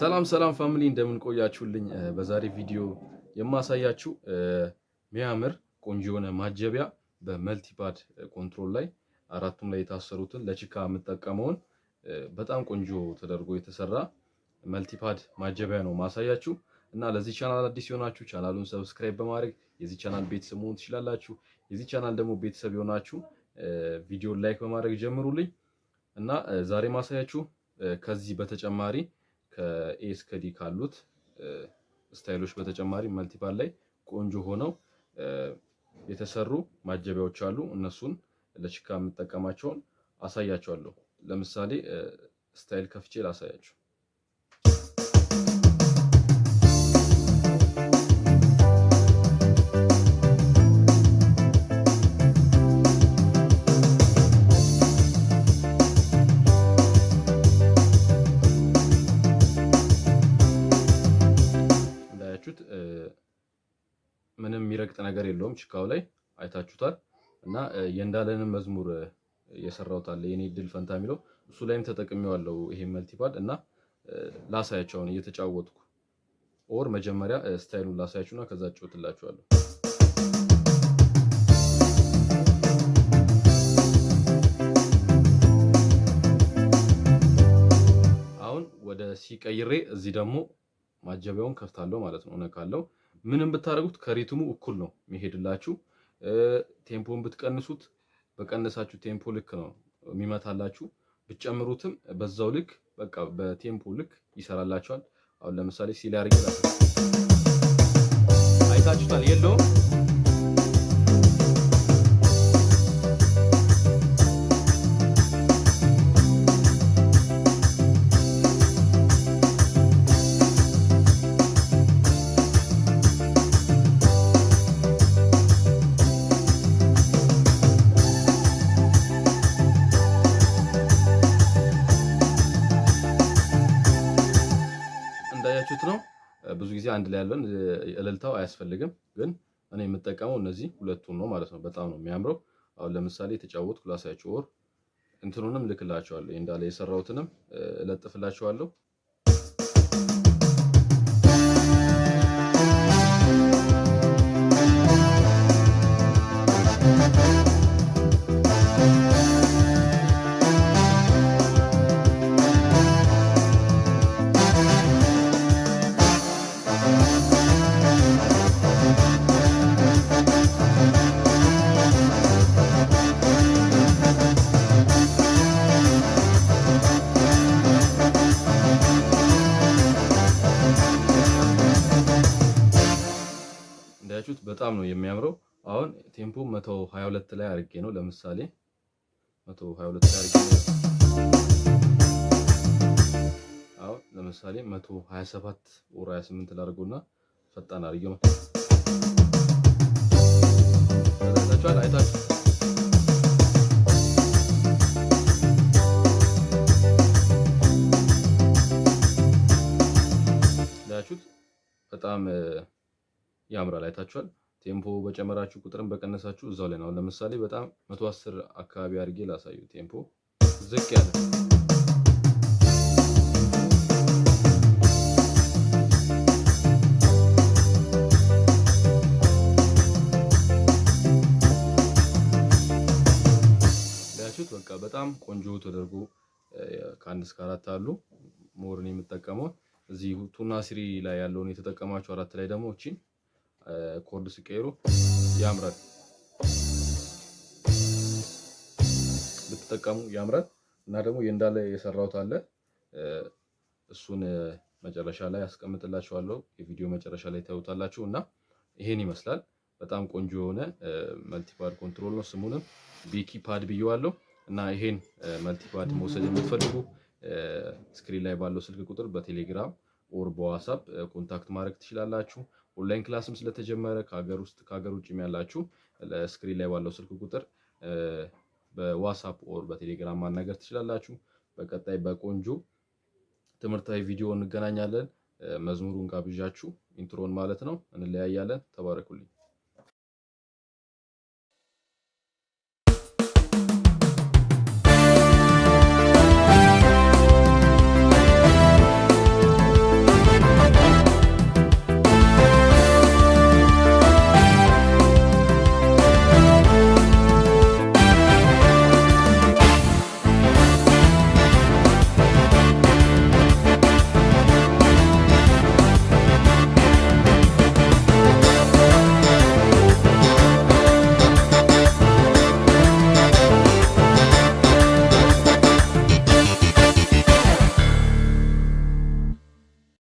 ሰላም ሰላም ፋሚሊ እንደምን ቆያችሁልኝ? በዛሬ ቪዲዮ የማሳያችሁ ሚያምር ቆንጆ የሆነ ማጀቢያ በመልቲፓድ ኮንትሮል ላይ አራቱም ላይ የታሰሩትን ለችካ የምጠቀመውን በጣም ቆንጆ ተደርጎ የተሰራ መልቲፓድ ማጀቢያ ነው ማሳያችሁ እና ለዚህ ቻናል አዲስ የሆናችሁ ቻናሉን ሰብስክራይብ በማድረግ የዚህ ቻናል ቤተሰብ መሆን ትችላላችሁ። የዚህ ቻናል ደግሞ ቤተሰብ የሆናችሁ ቪዲዮን ላይክ በማድረግ ጀምሩልኝ እና ዛሬ ማሳያችሁ ከዚህ በተጨማሪ ከኤ እስከ ዲ ካሉት ስታይሎች በተጨማሪ መልቲፓል ላይ ቆንጆ ሆነው የተሰሩ ማጀቢያዎች አሉ። እነሱን ለሽካ የምጠቀማቸውን አሳያቸዋለሁ። ለምሳሌ ስታይል ከፍቼ ላሳያቸው። ምንም የሚረግጥ ነገር የለውም። ችካው ላይ አይታችሁታል። እና የእንዳለንም መዝሙር የሰራውታል የኔ ድል ፈንታ የሚለው እሱ ላይም ተጠቅሜዋለሁ። ይሄ መልቲፓድ እና ላሳያቸውን እየተጫወትኩ ኦር መጀመሪያ ስታይሉን ላሳያችሁና ከዛ ጫወትላችኋለሁ። አሁን ወደ ሲቀይሬ እዚህ ደግሞ ማጀቢያውን ከፍታለሁ ማለት ነው። እነካለው ምንም ብታደርጉት ከሪትሙ እኩል ነው የሚሄድላችሁ። ቴምፖን ብትቀንሱት በቀነሳችሁ ቴምፖ ልክ ነው የሚመታላችሁ። ብትጨምሩትም በዛው ልክ በቃ በቴምፖ ልክ ይሰራላችኋል። አሁን ለምሳሌ ሲላርግ አይታችሁታል የለውም እንደምታዩት ነው። ብዙ ጊዜ አንድ ላይ ያለን እልልታው አያስፈልግም፣ ግን እኔ የምጠቀመው እነዚህ ሁለቱን ነው ማለት ነው። በጣም ነው የሚያምረው። አሁን ለምሳሌ የተጫወትኩ ላሳያችሁ። ወር እንትኑንም ልክላቸዋለሁ፣ እንዳለ የሰራሁትንም እለጥፍላቸዋለሁ። በጣም ነው የሚያምረው። አሁን ቴምፖ 122 ላይ አድርጌ ነው ለምሳሌ 122 ላይ አድርጌ አሁን ለምሳሌ 127 ወር 28 ላድርጎና ፈጣን አድርጌው ተደረጋችኋል አይታችሁ በጣም ያምራል። አይታችኋል። ቴምፖ በጨመራችሁ ቁጥርን በቀነሳችሁ እዛው ላይ ነው። ለምሳሌ በጣም 110 አካባቢ አድርጌ ላሳዩ። ቴምፖ ዝቅ ያለ ያችሁት በቃ በጣም ቆንጆ ተደርጎ ከአንድ እስከ አራት አሉ። ሞርን የምጠቀመው እዚህ ቱና ስሪ ላይ ያለውን የተጠቀማችሁ አራት ላይ ደግሞ እቺን ኮርድ ሲቀይሩ ያምራል። ብትጠቀሙ ያምራል እና ደግሞ የእንዳለ የሰራሁት አለ እሱን መጨረሻ ላይ አስቀምጥላችኋለሁ። የቪዲዮ መጨረሻ ላይ ታዩታላችሁ እና ይሄን ይመስላል። በጣም ቆንጆ የሆነ መልቲፓድ ኮንትሮል ነው። ስሙንም ቢኪ ፓድ ብየዋለሁ እና ይሄን መልቲፓድ መውሰድ የምትፈልጉ ስክሪን ላይ ባለው ስልክ ቁጥር በቴሌግራም ኦር በዋትሳፕ ኮንታክት ማድረግ ትችላላችሁ። ኦንላይን ክላስም ስለተጀመረ ከሀገር ውስጥ ከሀገር ውጭም ያላችሁ ስክሪን ላይ ባለው ስልክ ቁጥር በዋትሳፕ ኦር በቴሌግራም ማናገር ትችላላችሁ። በቀጣይ በቆንጆ ትምህርታዊ ቪዲዮ እንገናኛለን። መዝሙሩን ጋብዣችሁ ኢንትሮን ማለት ነው እንለያያለን። ተባረኩልኝ።